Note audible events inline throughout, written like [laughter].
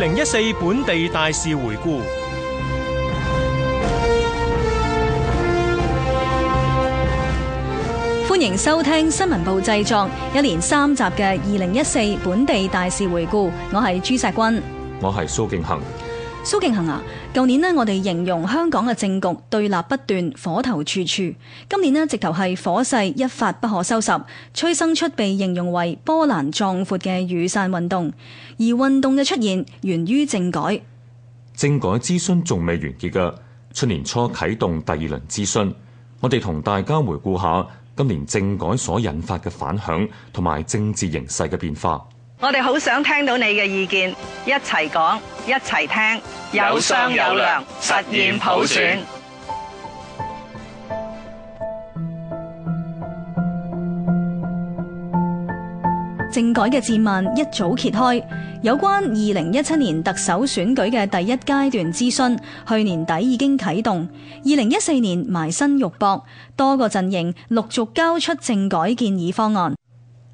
二零一四本地大事回顧，歡迎收聽新聞部製作，一連三集嘅《二零一四本地大事回顧》，我係朱石軍，我係蘇敬恒。蘇敬恒啊，舊年呢，我哋形容香港嘅政局對立不斷，火頭處處。今年呢，直頭係火勢一發不可收拾，催生出被形容為波瀾壯闊嘅雨傘運動。而運動嘅出現，源於政改。政改諮詢仲未完結㗎，出年初啟動第二輪諮詢。我哋同大家回顧下今年政改所引發嘅反響同埋政治形勢嘅變化。我哋好想聽到你嘅意見，一齊講，一齊聽，有商有量，實現普選。政改嘅戰幔一早揭開，有關二零一七年特首選舉嘅第一階段諮詢，去年底已經啟動。二零一四年埋身肉搏，多個陣營陸續交出政改建議方案。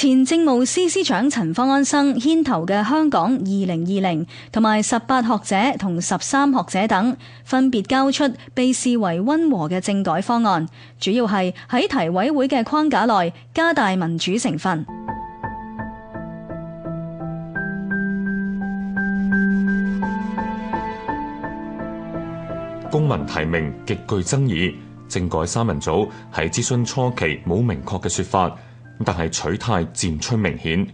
前政務司司長陳方安生牽頭嘅香港二零二零同埋十八學者同十三學者等，分別交出被視為溫和嘅政改方案，主要係喺提委會嘅框架內加大民主成分。公民提名極具爭議，政改三人組喺諮詢初期冇明確嘅說法。但係取態漸趨明顯，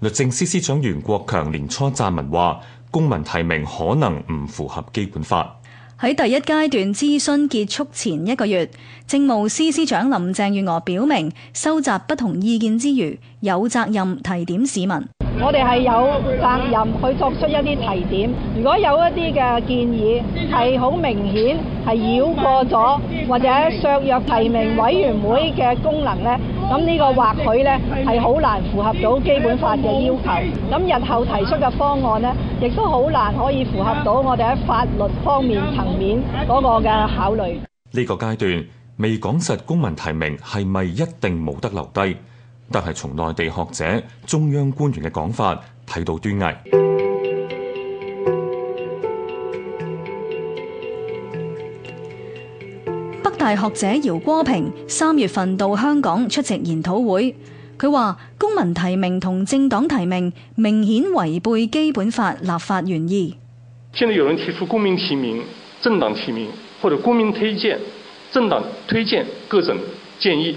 律政司司長袁國強年初撰文話，公民提名可能唔符合基本法。喺第一階段諮詢結束前一個月，政務司司長林鄭月娥表明，收集不同意見之餘，有責任提點市民。我哋係有責任去作出一啲提點。如果有一啲嘅建議，係好明顯，係繞過咗或者削弱提名委員會嘅功能咧，咁呢個或許咧係好難符合到基本法嘅要求。咁日後提出嘅方案咧，亦都好難可以符合到我哋喺法律方面層面嗰個嘅考慮。呢個階段未講實公民提名係咪一定冇得留低？但係從內地學者、中央官員嘅講法睇到端倪。北大學者姚國平三月份到香港出席研討會，佢話公民提名同政黨提名明顯違背基本法立法原意。現在有人提出公民提名、政黨提名，或者公民推薦、政黨推薦各種建議。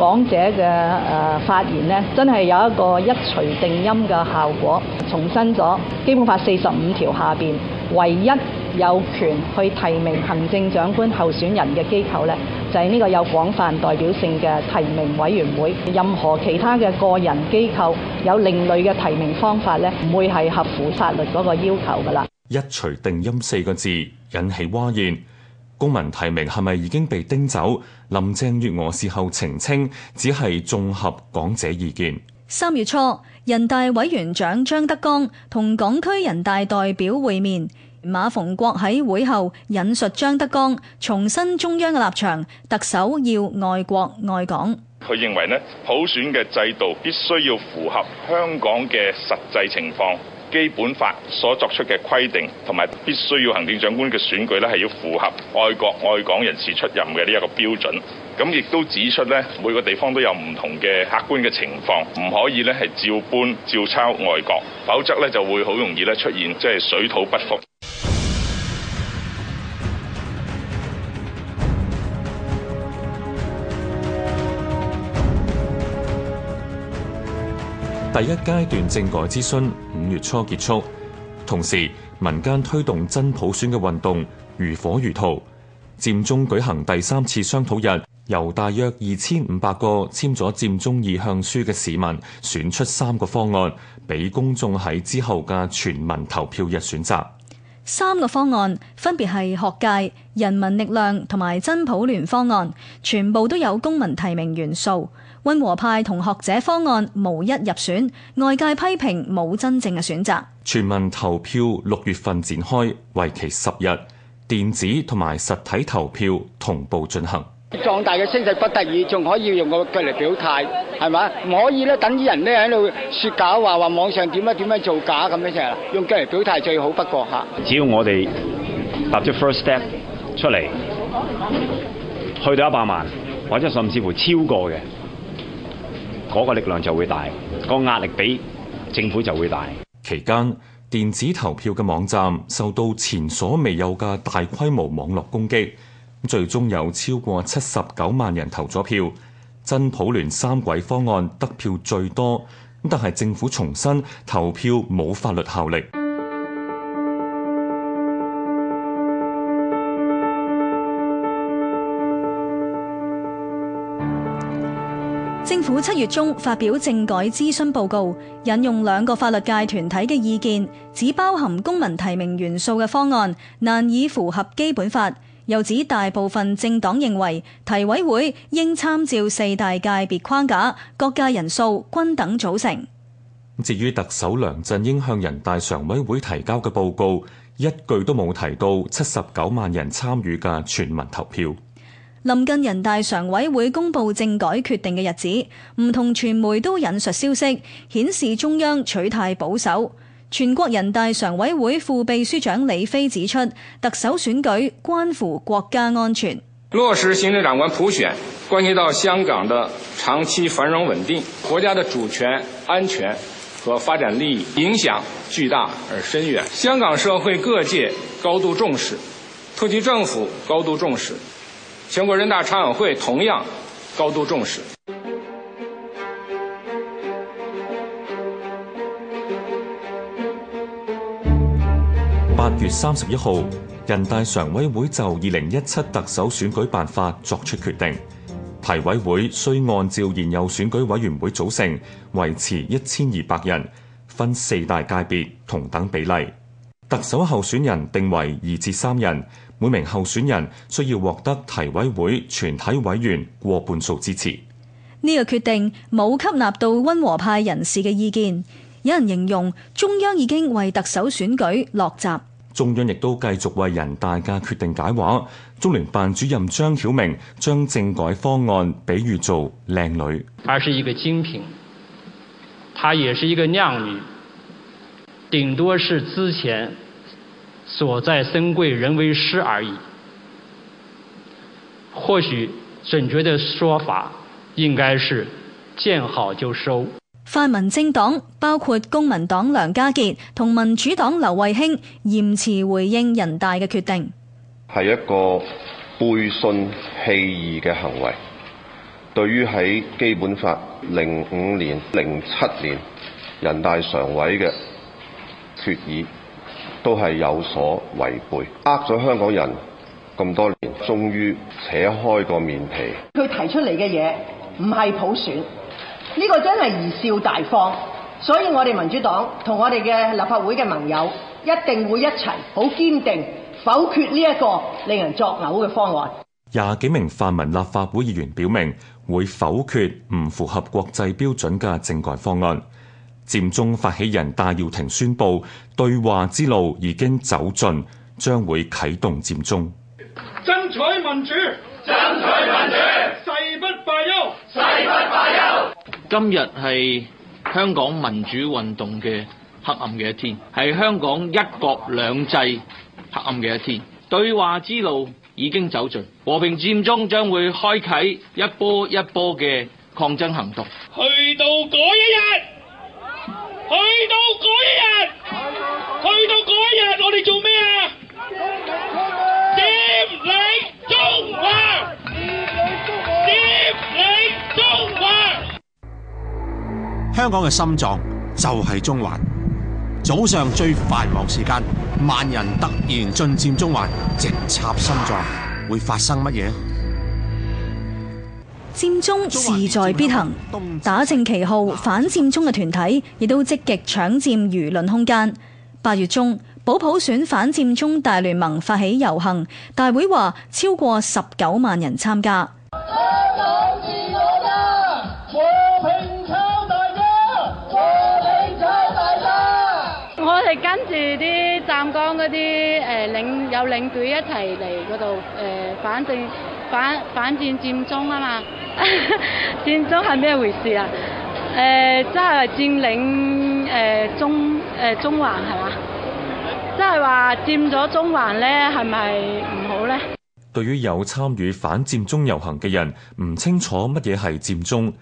講者嘅誒發言呢，真係有一個一錘定音嘅效果，重申咗基本法四十五條下邊，唯一有權去提名行政長官候選人嘅機構呢，就係呢個有廣泛代表性嘅提名委員會，任何其他嘅個人機構有另類嘅提名方法呢，唔會係合乎法律嗰個要求噶啦。一錘定音四個字引起嘩然。公民提名係咪已經被叮走？林鄭月娥事後澄清，只係綜合講者意見。三月初，人大委員長張德江同港區人大代表會面，馬逢國喺會後引述張德江重申中央嘅立場：特首要愛國愛港。佢認為呢，普選嘅制度必須要符合香港嘅實際情況。基本法所作出嘅規定，同埋必須要行政長官嘅選舉咧，係要符合愛國愛港人士出任嘅呢一個標準，咁亦都指出咧，每個地方都有唔同嘅客觀嘅情況，唔可以咧係照搬照抄外國，否則咧就會好容易咧出現即係、就是、水土不服。第一階段政改諮詢。月初結束，同時民間推動真普選嘅運動如火如荼。占中舉行第三次商討日，由大約二千五百個簽咗占中意向書嘅市民選出三個方案，俾公眾喺之後嘅全民投票日選擇。三個方案分別係學界、人民力量同埋真普聯方案，全部都有公民提名元素。溫和派同學者方案無一入選，外界批評冇真正嘅選擇。全民投票六月份展開，為期十日，電子同埋實體投票同步進行。壯大嘅聲勢不得已，仲可以用個腳嚟表態，係咪？唔可以咧，等啲人咧喺度說假話，話網上點樣點樣做假咁樣就，用腳嚟表態最好。不過吓，只要我哋踏咗 first step 出嚟，去到一百萬，或者甚至乎超過嘅。嗰、嗰個力量就會大，個壓力比政府就會大。期間，電子投票嘅網站受到前所未有嘅大規模網絡攻擊，最終有超過七十九萬人投咗票。真普聯三軌方案得票最多，但係政府重申投票冇法律效力。政府七月中發表政改諮詢報告，引用兩個法律界團體嘅意見，只包含公民提名元素嘅方案難以符合基本法，又指大部分政黨認為提委會應參照四大界別框架，各界人數均等組成。至於特首梁振英向人大常委會提交嘅報告，一句都冇提到七十九萬人參與嘅全民投票。臨近人大常委會公布政改決定嘅日子，唔同傳媒都引述消息，顯示中央取態保守。全國人大常委會副秘書長李飛指出，特首選舉關乎國家安全。落實行政長官普選，關係到香港的長期繁榮穩定、國家的主權、安全和發展利益，影響巨大而深遠。香港社會各界高度重視，特區政府高度重視。全國人大常委會同樣高度重視。八月三十一號，人大常委會就二零一七特首選舉辦法作出決定，提委會需按照現有選舉委員會組成，維持一千二百人，分四大界別同等比例，特首候選人定為二至三人。每名候選人需要獲得提委會全體委員過半數支持。呢個決定冇吸納到温和派人士嘅意見，有人形容中央已經為特首選舉落閘。中央亦都繼續為人大嘅決定解話。中聯辦主任張曉明將政改方案比喻做靚女。它是一個精品，它也是一個靚女，頂多是之前。所在生貴人為師而已。或許準確的說法應該是見好就收。泛民政黨包括公民黨梁家傑同民主黨劉慧卿嚴詞回應人大嘅決定，係一個背信棄義嘅行為。對於喺基本法零五年、零七年人大常委嘅決議都係有所違背，呃咗香港人咁多年，終於扯開個面皮。佢提出嚟嘅嘢唔係普選，呢、這個真係貽笑大方。所以我哋民主黨同我哋嘅立法會嘅盟友一定會一齊好堅定否決呢一個令人作嘔嘅方案。廿幾名泛民立法會議員表明會否決唔符合國際標準嘅政改方案。佔中發起人戴耀廷宣佈，對話之路已經走盡，將會啟動佔中。爭取民主，爭取民主，誓不罷休，誓不罷休。今日係香港民主運動嘅黑暗嘅一天，係香港一國兩制黑暗嘅一天。對話之路已經走盡，和平佔中將會開啟一波一波嘅抗爭行動。去到嗰一日。去到嗰一日，去到嗰一日，我哋做咩啊？佔領中華，佔領中華，香港嘅心臟就係中環。早上最繁忙時間，萬人突然進佔中環，直插心臟，會發生乜嘢？佔中勢在必行，打正旗號反佔中嘅團體亦都積極搶佔輿論空間。八月中，保普選反佔中大聯盟發起遊行，大會話超過十九萬人參加。是我哋跟住啲湛江嗰啲領有領隊一齊嚟嗰度反正反反佔中啊嘛。 [laughs] 佔中係咩回事啊？誒、呃，即係佔領誒、呃、中誒、呃、中環係嘛？即係話佔咗中環咧，係咪唔好咧？對於有參與反佔中遊行嘅人，唔清楚乜嘢係佔中，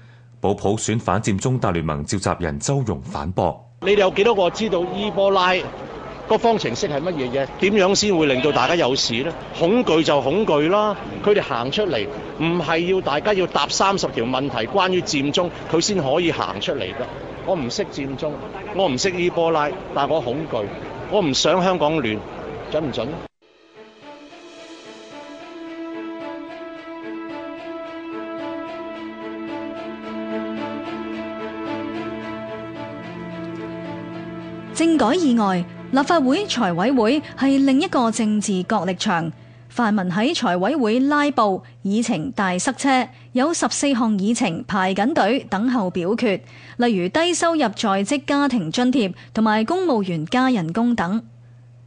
保普選反佔中大聯盟召集人周融反駁：你哋有幾多個知道伊波拉？個方程式係乜嘢嘢？點樣先會令到大家有事呢？恐懼就恐懼啦！佢哋行出嚟，唔係要大家要答三十條問題關於佔中，佢先可以行出嚟㗎。我唔識佔中，我唔識伊波拉，但係我恐懼，我唔想香港亂，準唔準？政改意外。立法會財委會係另一個政治角力場，泛民喺財委會拉布，議程大塞車，有十四項議程排緊隊等候表決，例如低收入在職家庭津貼同埋公務員加人工等。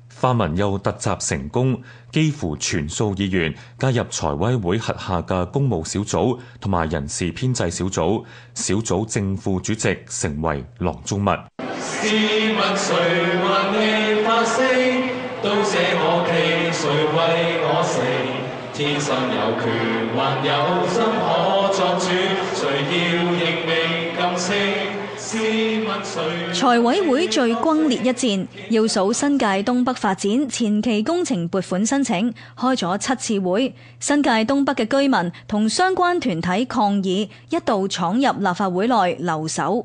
泛民又突襲成功，幾乎全數議員加入財委會轄下嘅公務小組同埋人事編制小組，小組正副主席成為囊中物。財委會最轟烈一戰，要數新界東北發展前期工程撥款申請，開咗七次會，新界東北嘅居民同相關團體抗議，一度闖入立法會內留守。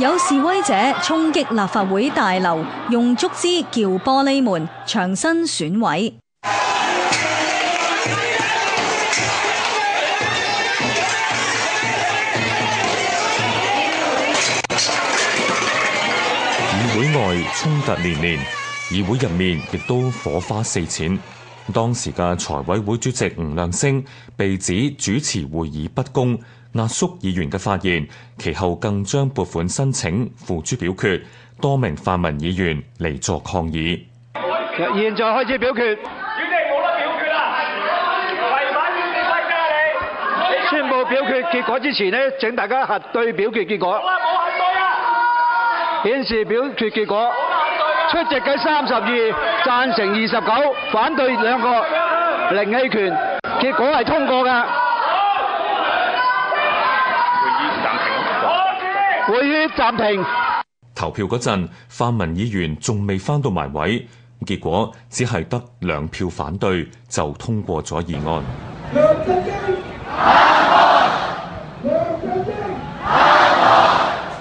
有示威者衝擊立法會大樓，用竹枝撬玻璃門，牆身損毀。議會外衝突連連，議會入面亦都火花四濺。當時嘅財委會主席吳亮星被指主持會議不公。壓縮議員嘅發言，其後更將撥款申請付諸表決，多名泛民議員嚟作抗議。現在開始表決，主席冇得表決啦！宣佈表決結果之前咧，請大家核對表決結果。顯示表決結果。出席嘅三十二，贊成二十九，反對兩個，零棄權，結果係通過嘅。會議暫停。投票嗰陣，泛民議員仲未翻到埋位，結果只係得兩票反對，就通過咗議案。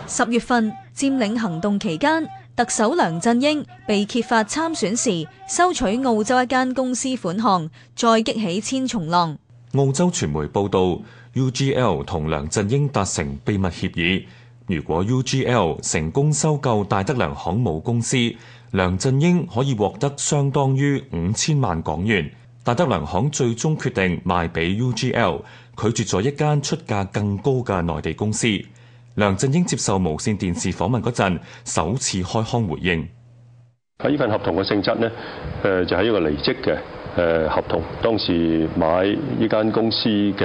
十月份佔領行動期間，特首梁振英被揭發參選時收取澳洲一間公司款項，再激起千重浪。澳洲傳媒報道，UGL 同梁振英達成秘密協議。如果 UGL 成功收購大德良行母公司，梁振英可以獲得相當於五千萬港元。大德良行最終決定賣俾 UGL，拒絕咗一間出價更高嘅內地公司。梁振英接受無線電視訪問嗰陣，首次開腔回應。喺呢份合同嘅性質咧，誒就係、是、一個離職嘅。誒合同當時買呢間公司嘅誒、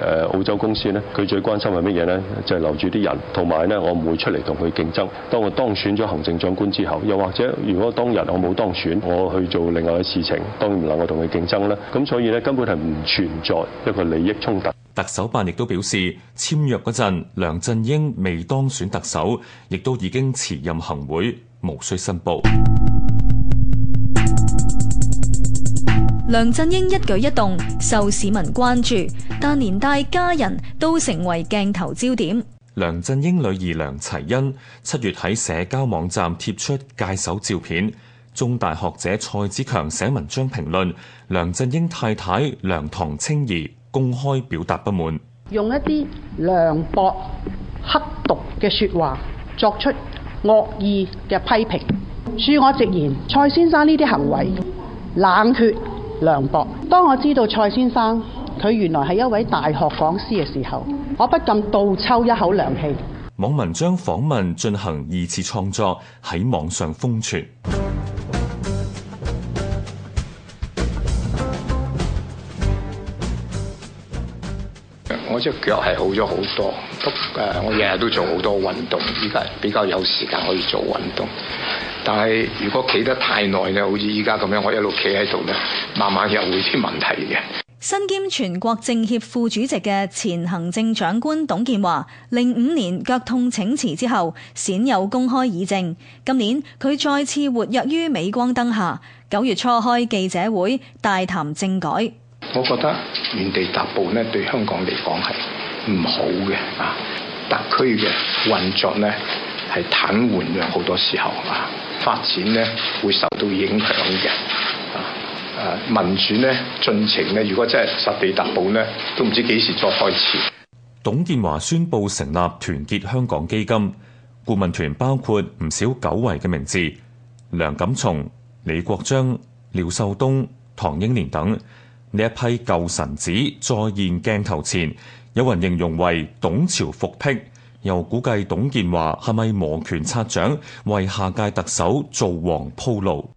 呃、澳洲公司呢，佢最關心係乜嘢呢？就係、是、留住啲人，同埋呢我唔會出嚟同佢競爭。當我當選咗行政長官之後，又或者如果當日我冇當選，我去做另外嘅事情，當然唔能夠同佢競爭啦。咁所以呢，根本係唔存在一個利益衝突。特首辦亦都表示，簽約嗰陣梁振英未當選特首，亦都已經辭任行會，無需申報。梁振英一舉一動受市民關注，但連帶家人都成為鏡頭焦點。梁振英女兒梁齊昕七月喺社交網站貼出界手照片，中大學者蔡子強寫文章評論梁振英太太梁唐清怡公開表達不滿，用一啲涼薄刻毒嘅說話作出惡意嘅批評。恕我直言，蔡先生呢啲行為冷血。梁博，當我知道蔡先生佢原來係一位大學講師嘅時候，我不禁倒抽一口涼氣。網民將訪問進行二次創作，喺網上瘋傳。我隻腳係好咗好多，誒，我日日都做好多運動，而家比較有時間可以做運動。但係如果企得太耐咧，好似依家咁樣，我一路企喺度咧，慢慢又會出啲問題嘅。身兼全國政協副主席嘅前行政長官董建華，零五年腳痛請辭之後，鮮有公開議政。今年佢再次活躍於美光燈下，九月初開記者會大談政改。我覺得原地踏步咧，對香港嚟講係唔好嘅啊！特區嘅運作咧係癱瘓咗好多時候啊！發展咧會受到影響嘅，民主咧進程如果真係實地踏步都唔知幾時再開始。董建華宣布成立團結香港基金顧問團，包括唔少久違嘅名字：梁錦松、李國章、廖秀東、唐英年等呢一批舊臣子再現鏡頭前，有人形容為董朝復辟。又估計董建華係咪摩拳擦掌，為下屆特首造王鋪路？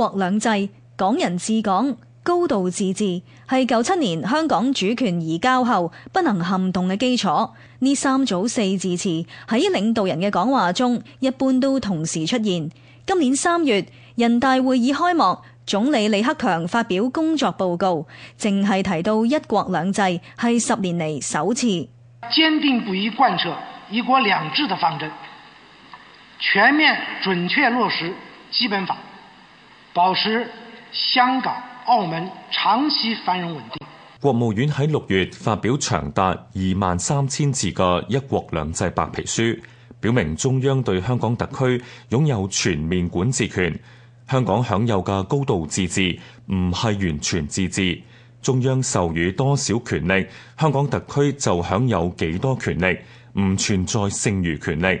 一國兩制、港人治港、高度自治係九七年香港主權移交後不能撼動嘅基礎。呢三組四字詞喺領導人嘅講話中一般都同時出現。今年三月人大會議開幕，總理李克強發表工作報告，淨係提到一國兩制係十年嚟，首次。堅定不移貫徹一國兩制的方針，全面準確落實基本法。保持香港、澳門長期繁榮穩定。國務院喺六月發表長達二萬三千字嘅《一國兩制》白皮書，表明中央對香港特區擁有全面管治權，香港享有嘅高度自治唔係完全自治，中央授予多少權力，香港特區就享有幾多權力，唔存在剩餘權力。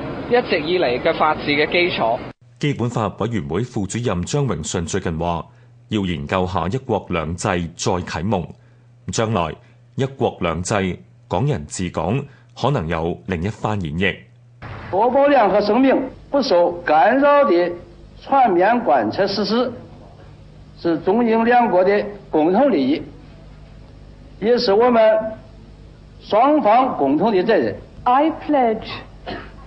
一直以嚟嘅法治嘅基礎。基本法委員會副主任張榮順最近話要研究一下一國兩制再啟蒙，將來一國兩制、港人治港可能有另一番演繹。確保聯合聲明不受干擾的全面貫徹實施，是中英兩國的共同利益，也是我們雙方共同的責任。I pledge。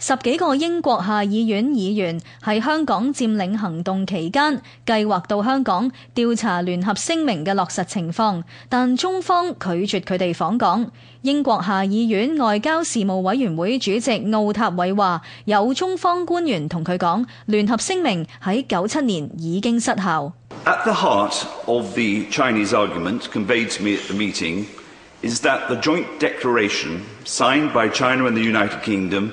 十幾個英國下議院議員喺香港佔領行動期間，計劃到香港調查聯合聲明嘅落實情況，但中方拒絕佢哋訪港。英國下議院外交事務委員會主席奧塔維話：有中方官員同佢講，聯合聲明喺九七年已經失效。At the heart of the Chinese argument, conveyed to me at the meeting, is that the joint declaration signed by China and the United Kingdom,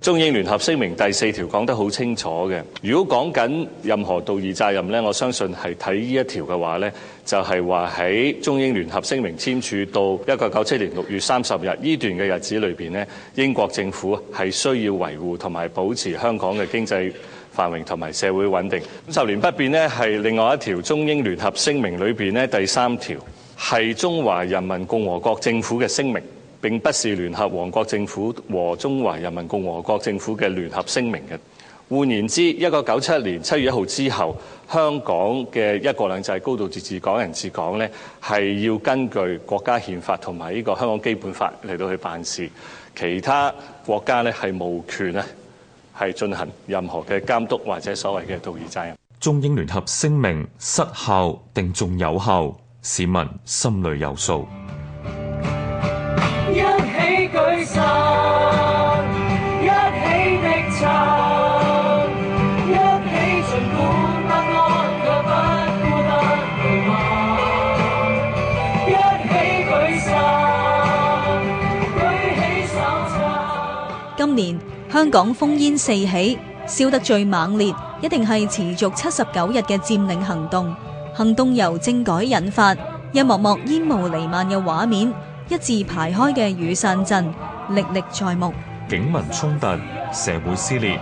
中英聯合聲明第四條講得好清楚嘅，如果講緊任何道義責任呢，我相信係睇呢一條嘅話呢，就係話喺中英聯合聲明簽署到一九九七年六月三十日呢段嘅日子裏邊呢，英國政府係需要維護同埋保持香港嘅經濟繁榮同埋社會穩定。五十年不變呢，係另外一條中英聯合聲明裏面呢，第三條係中華人民共和國政府嘅聲明。並不是聯合王國政府和中華人民共和國政府嘅聯合聲明嘅。換言之，一九九七年七月一號之後，香港嘅一國兩制、高度自治、港人治港咧，係要根據國家憲法同埋呢個香港基本法嚟到去辦事。其他國家咧，係無權咧，係進行任何嘅監督或者所謂嘅道義責任。中英聯合聲明失效定仲有效？市民心裏有數。今年香港烽煙四起，燒得最猛烈，一定係持續七十九日嘅佔領行動。行動由政改引發，一幕幕煙霧彌漫嘅畫面，一字排開嘅雨傘陣。歷歷在目，警民衝突，社會撕裂。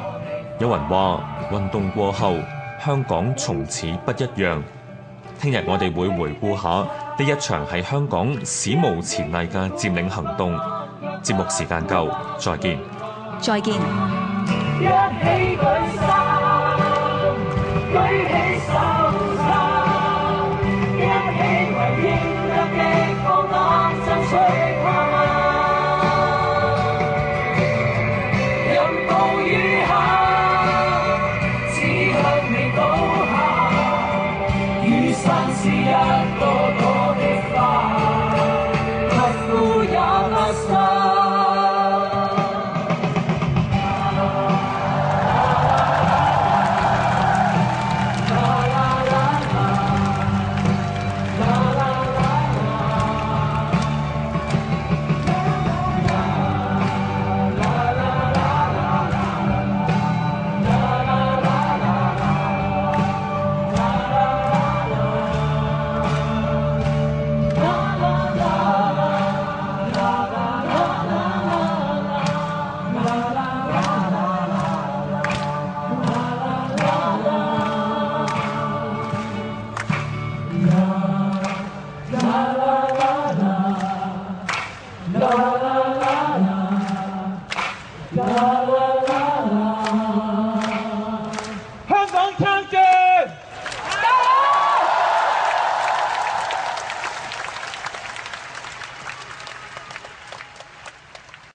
有人話運動過後，香港從此不一樣。聽日我哋會回顧下呢一場係香港史無前例嘅佔領行動。節目時間夠，再見。再見。